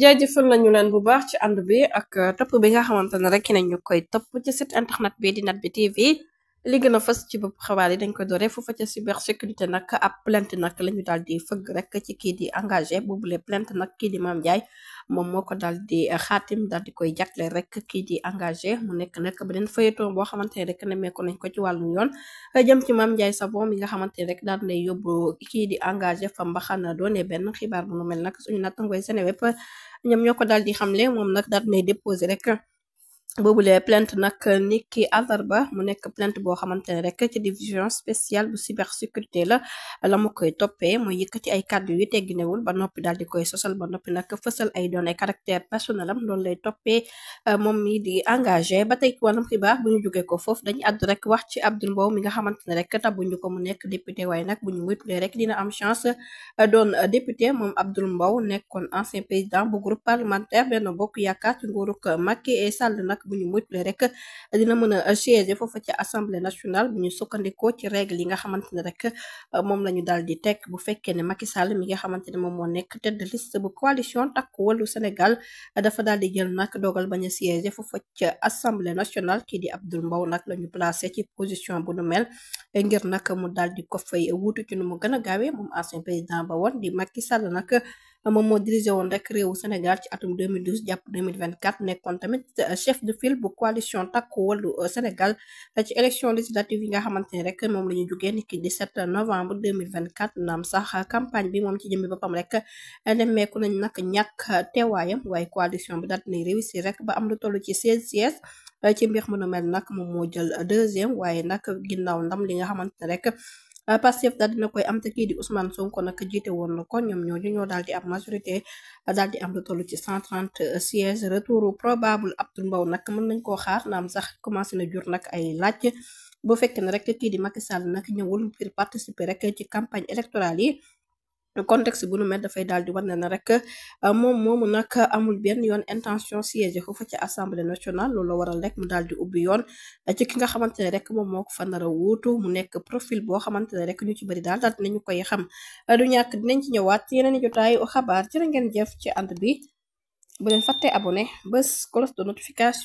jaajëfal nañu leen bu baax ci ànd bi ak topp bi nga xamante ne rek nañu koy topp ci site internet bi di Net Bi TV li na a fas ci bopp xabaar yi dañ ko doore foofa ca cybersécurité nag a plainte nag la ñu daal di fëgg rek ci kii di engagé boobule plainte nag kii di Mame Ndiaye moom moo ko daal di xaatim daal di koy jagle rek kii di engagé mu nekk nag beneen feuilleton boo xamante ne rek nemmeeku nañ ko ci wàllum yoon jëm ci Mame Ndiaye Savon mi nga xamante ne rek daal nay yóbbu kii di engagé fa mbaxana doone benn xibaar bu nu mel nag suñu nattangoy Seneweb ñoom ñoo ko daal di xam le moom nag daal nay déposé rek. boobu boobulee plainte nak niki àllarba mu nekk plainte boo xamante ne rek ci division spéciale bu cybersécurité la la mu koy toppee muy yëkkati ay kàddu yu tegginewul ba noppi daal di koy sosal ba noppi nag fësal ay doon ay caractère personnel lam loolu lay toppee euh, moom mi di engagé ba tey wàllum xibaar bu ñu jógee ko foofu dañu àddu rek wax ci Abdou Mbow mi nga xamante ne rek tabuñu ko mu nekk député waaye nag bu ñu wétulee rek dina am chance euh, doon député moom Abdou Mbow nekkoon ancien président bu groupe parlementaire Benno Bokk Yaakaar ci nguuruk Macky nag bu ñu moytuwee rek dina mën a siéger foofa ci assemblée nationale bu ñu sukkandikoo ci règle yi nga xamante ne rek moom la ñu daal di teg bu fekkee ne Macky Sall mi nga xamante ne moom moo nekk tête de liste bu coalition Takku Wallu Sénégal dafa daal di jël nag dogal bañ a siéger foofa ci assemblée nationale kii di Abdoul Mbow nag la ñu placé ci position bu nu mel ngir nag mu daal di ko fay wuutu ci nu mu gën a gaawee moom ancien président ba woon di Macky Euh, moom moo dirigé woon rek réewu Sénégal ci atum 2012 jàpp 2024 nekkoon tamit euh, chef de file bu coalition takku wàllu euh, Sénégal ci élection législative yi nga xamante ni rek moom la ñu jógee ni ki 17 novembre 2024 naam sax campagne bi moom ci jëmmi boppam rek nemmeeku nañ nag ñàkk teewaayam waaye coalition bi daal di réussir rek ba am lu toll ci 16 sièges ci mbir mu mel nag moom moo jël deuxième waaye nag ginnaaw ndam li nga xamante ne rek Euh, Pastef daal dina koy am te kii di Ousmane Sonko nag jiite woon na ko ñoom ñooñu ñoo daal di am majorité euh, daal di am lu toll ci 130 euh, sièges retour probable Abdou Mbow nag mën nañ koo xaar naam sax commencé na jur nag ay laaj bu fekkee ne rek kii di Macky Sall nag ñëwul ngir participer rek ci campagne électorale yi. contexte bu nu mel dafay daal di wane na rek euh, moom moomu nag amul benn yoon intention siège foofu ci assemblée nationale loolu la waral rek mu daal di ubbi yoon ci ki nga xamante ne rek moom moo ko fa nar a wuutu mu nekk profil boo xamante ne rek ñu ci bëri daal daal ñu koy xam du ñàkk dinañ ci ñëwaat yeneen i jotaayu xabaar jërë ngeen jëf ci ànd bi bu leen fàttee abonné bés cloche de notification.